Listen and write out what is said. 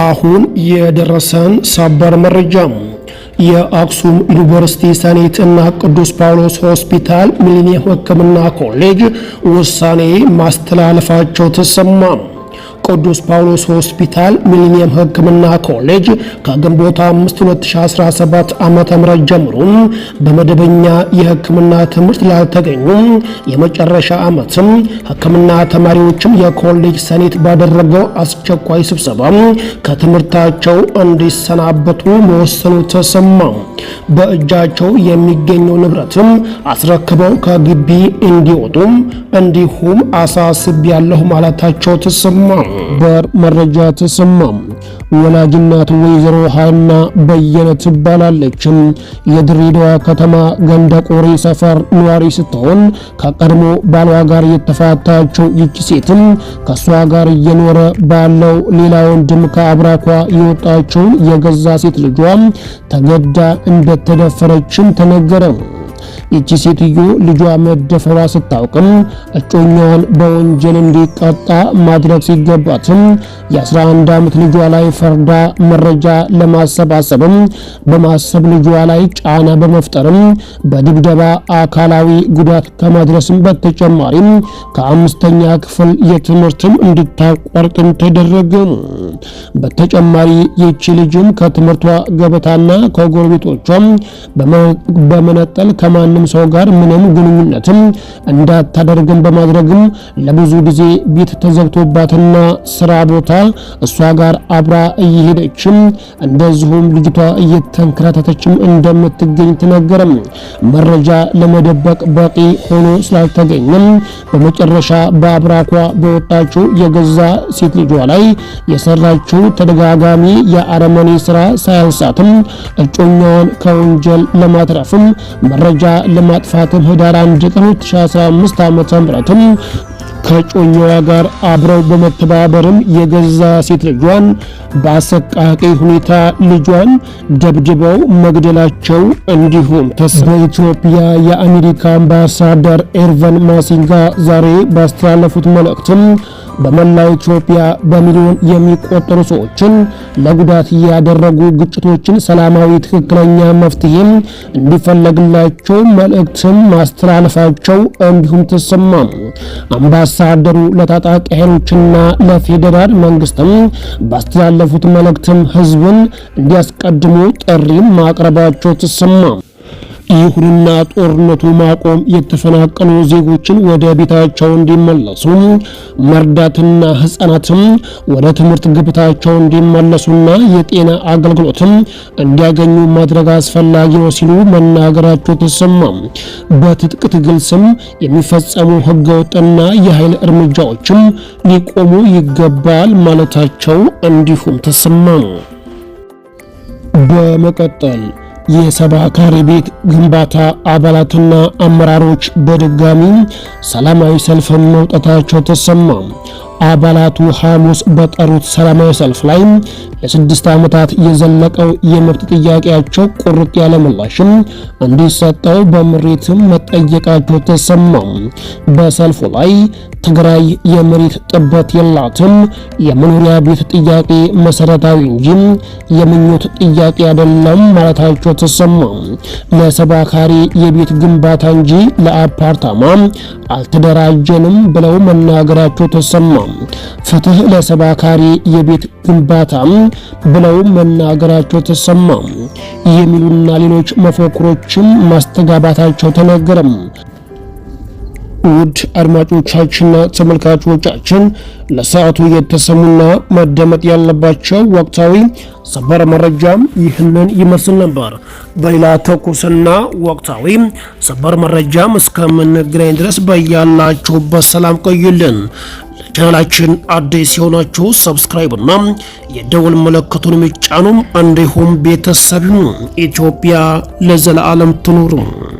አሁን የደረሰን ሰበር መረጃ የአክሱም ዩኒቨርሲቲ ሰኔት እና ቅዱስ ጳውሎስ ሆስፒታል ሚሊኒየም ሕክምና ኮሌጅ ውሳኔ ማስተላለፋቸው ተሰማ። ቅዱስ ጳውሎስ ሆስፒታል ሚሊኒየም ሕክምና ኮሌጅ ከግንቦት 5 2017 ዓ.ም ጀምሮ በመደበኛ የሕክምና ትምህርት ላልተገኙ የመጨረሻ ዓመትም ሕክምና ተማሪዎችም የኮሌጅ ሰኔት ባደረገው አስቸኳይ ስብሰባ ከትምህርታቸው እንዲሰናበቱ መወሰኑ ተሰማ። በእጃቸው የሚገኘው ንብረትም አስረክበው ከግቢ እንዲወጡም እንዲሁም አሳስብ ያለሁ ማለታቸው ተሰማ። መረጃ ተሰማም። ወላጅ እናቱ ወይዘሮ ሀና በየነ ትባላለች። የድሬዳዋ ከተማ ገንደ ቆሬ ሰፈር ነዋሪ ስትሆን ከቀድሞ ባሏ ጋር የተፋታቸው ይቺ ሴትም ከእሷ ጋር እየኖረ ባለው ሌላ ወንድም ከአብራኳ የወጣቸውን የገዛ ሴት ልጇ ተገዳ እንደተደፈረችም ተነገረ። ይቺ ሴትዮ ልጇ መደፈሯ ስታውቅም እጮኛዋን በወንጀል እንዲቀጣ ማድረግ ሲገባትም የ11 ዓመት ልጇ ላይ ፈርዳ መረጃ ለማሰባሰብም በማሰብ ልጇ ላይ ጫና በመፍጠርም በድብደባ አካላዊ ጉዳት ከማድረስም በተጨማሪም ከአምስተኛ ክፍል የትምህርትም እንድታቋርጥም ተደረገ። በተጨማሪ ይቺ ልጅም ከትምህርቷ ገበታና ከጎረቤቶቿም በመነጠል ከማንም ሰው ጋር ምንም ግንኙነትም እንዳታደርግም በማድረግም ለብዙ ጊዜ ቤት ተዘግቶባትና ስራ ቦታ እሷ ጋር አብራ እየሄደችም እንደዚሁም ልጅቷ እየተንከራተተችም እንደምትገኝ ተነገረም። መረጃ ለመደበቅ በቂ ሆኖ ስላልተገኘም በመጨረሻ በአብራኳ በወጣችው የገዛ ሴት ልጇ ላይ የሰራችው ተደጋጋሚ የአረመኔ ስራ ሳያንሳትም እጮኛዋን ከወንጀል ለማትረፍም መረጃ እርምጃ ለማጥፋት ህዳር 1 ቀን 2015 ዓ.ም ከጮኛዋ ጋር አብረው በመተባበርም የገዛ ሴት ልጇን በአሰቃቂ ሁኔታ ልጇን ደብድበው መግደላቸው እንዲሁም በኢትዮጵያ የአሜሪካ አምባሳደር ኤርቨን ማሲንጋ ዛሬ ባስተላለፉት መልእክትም በመላው ኢትዮጵያ በሚሊዮን የሚቆጠሩ ሰዎችን ለጉዳት ያደረጉ ግጭቶችን ሰላማዊ ትክክለኛ መፍትሄም እንዲፈለግላቸው መልእክትም ማስተላለፋቸው እንዲሁም ተሰማሙ። አምባሳደሩ ለታጣቂ ኃይሎችና ለፌዴራል መንግስትም ባስተላለፉት መልእክትም ህዝብን እንዲያስቀድሙ ጥሪም ማቅረባቸው ተሰማሙ። ይሁንና ጦርነቱ ማቆም የተፈናቀሉ ዜጎችን ወደ ቤታቸው እንዲመለሱ መርዳትና ህጻናትም ወደ ትምህርት ገበታቸው እንዲመለሱና የጤና አገልግሎትም እንዲያገኙ ማድረግ አስፈላጊ ነው ሲሉ መናገራቸው ተሰማ። በትጥቅ ትግል ስም የሚፈጸሙ ህገወጥና የኃይል እርምጃዎችም ሊቆሙ ይገባል ማለታቸው እንዲሁም ተሰማ። በመቀጠል የሰባ ካሬ ቤት ግንባታ አባላትና አመራሮች በድጋሚ ሰላማዊ ሰልፍን መውጣታቸው ተሰማ። አባላቱ ሐሙስ በጠሩት ሰላማዊ ሰልፍ ላይ ለስድስት ዓመታት የዘለቀው የመብት ጥያቄያቸው ቁርጥ ያለ ምላሽም እንዲሰጠው በምሬትም መጠየቃቸው ተሰማ። በሰልፉ ላይ ትግራይ የመሬት ጥበት የላትም፣ የመኖሪያ ቤት ጥያቄ መሰረታዊ እንጂ የምኞት ጥያቄ አይደለም ማለታቸው ተሰማ። ለሰባ ካሬ የቤት ግንባታ እንጂ ለአፓርታማ አልተደራጀንም ብለው መናገራቸው ተሰማ። ፍትህ ለሰባካሪ የቤት ግንባታ ብለው መናገራቸው ተሰማ የሚሉና ሌሎች መፈክሮችም ማስተጋባታቸው ተነገረም። ውድ አድማጮቻችንና ተመልካቾቻችን ለሰዓቱ የተሰሙና መደመጥ ያለባቸው ወቅታዊ ሰበር መረጃም ይህንን ይመስል ነበር። በሌላ ትኩስና ወቅታዊ ሰበር መረጃም እስከምንገናኝ ድረስ በያላችሁበት ሰላም ቆዩልን። ቻናላችን አዲስ የሆናችሁ ሰብስክራይብ እና የደወል ምልክቱን የሚጫኑም እንዲሁም ቤተሰብ ኢትዮጵያ ለዘለዓለም ትኑር።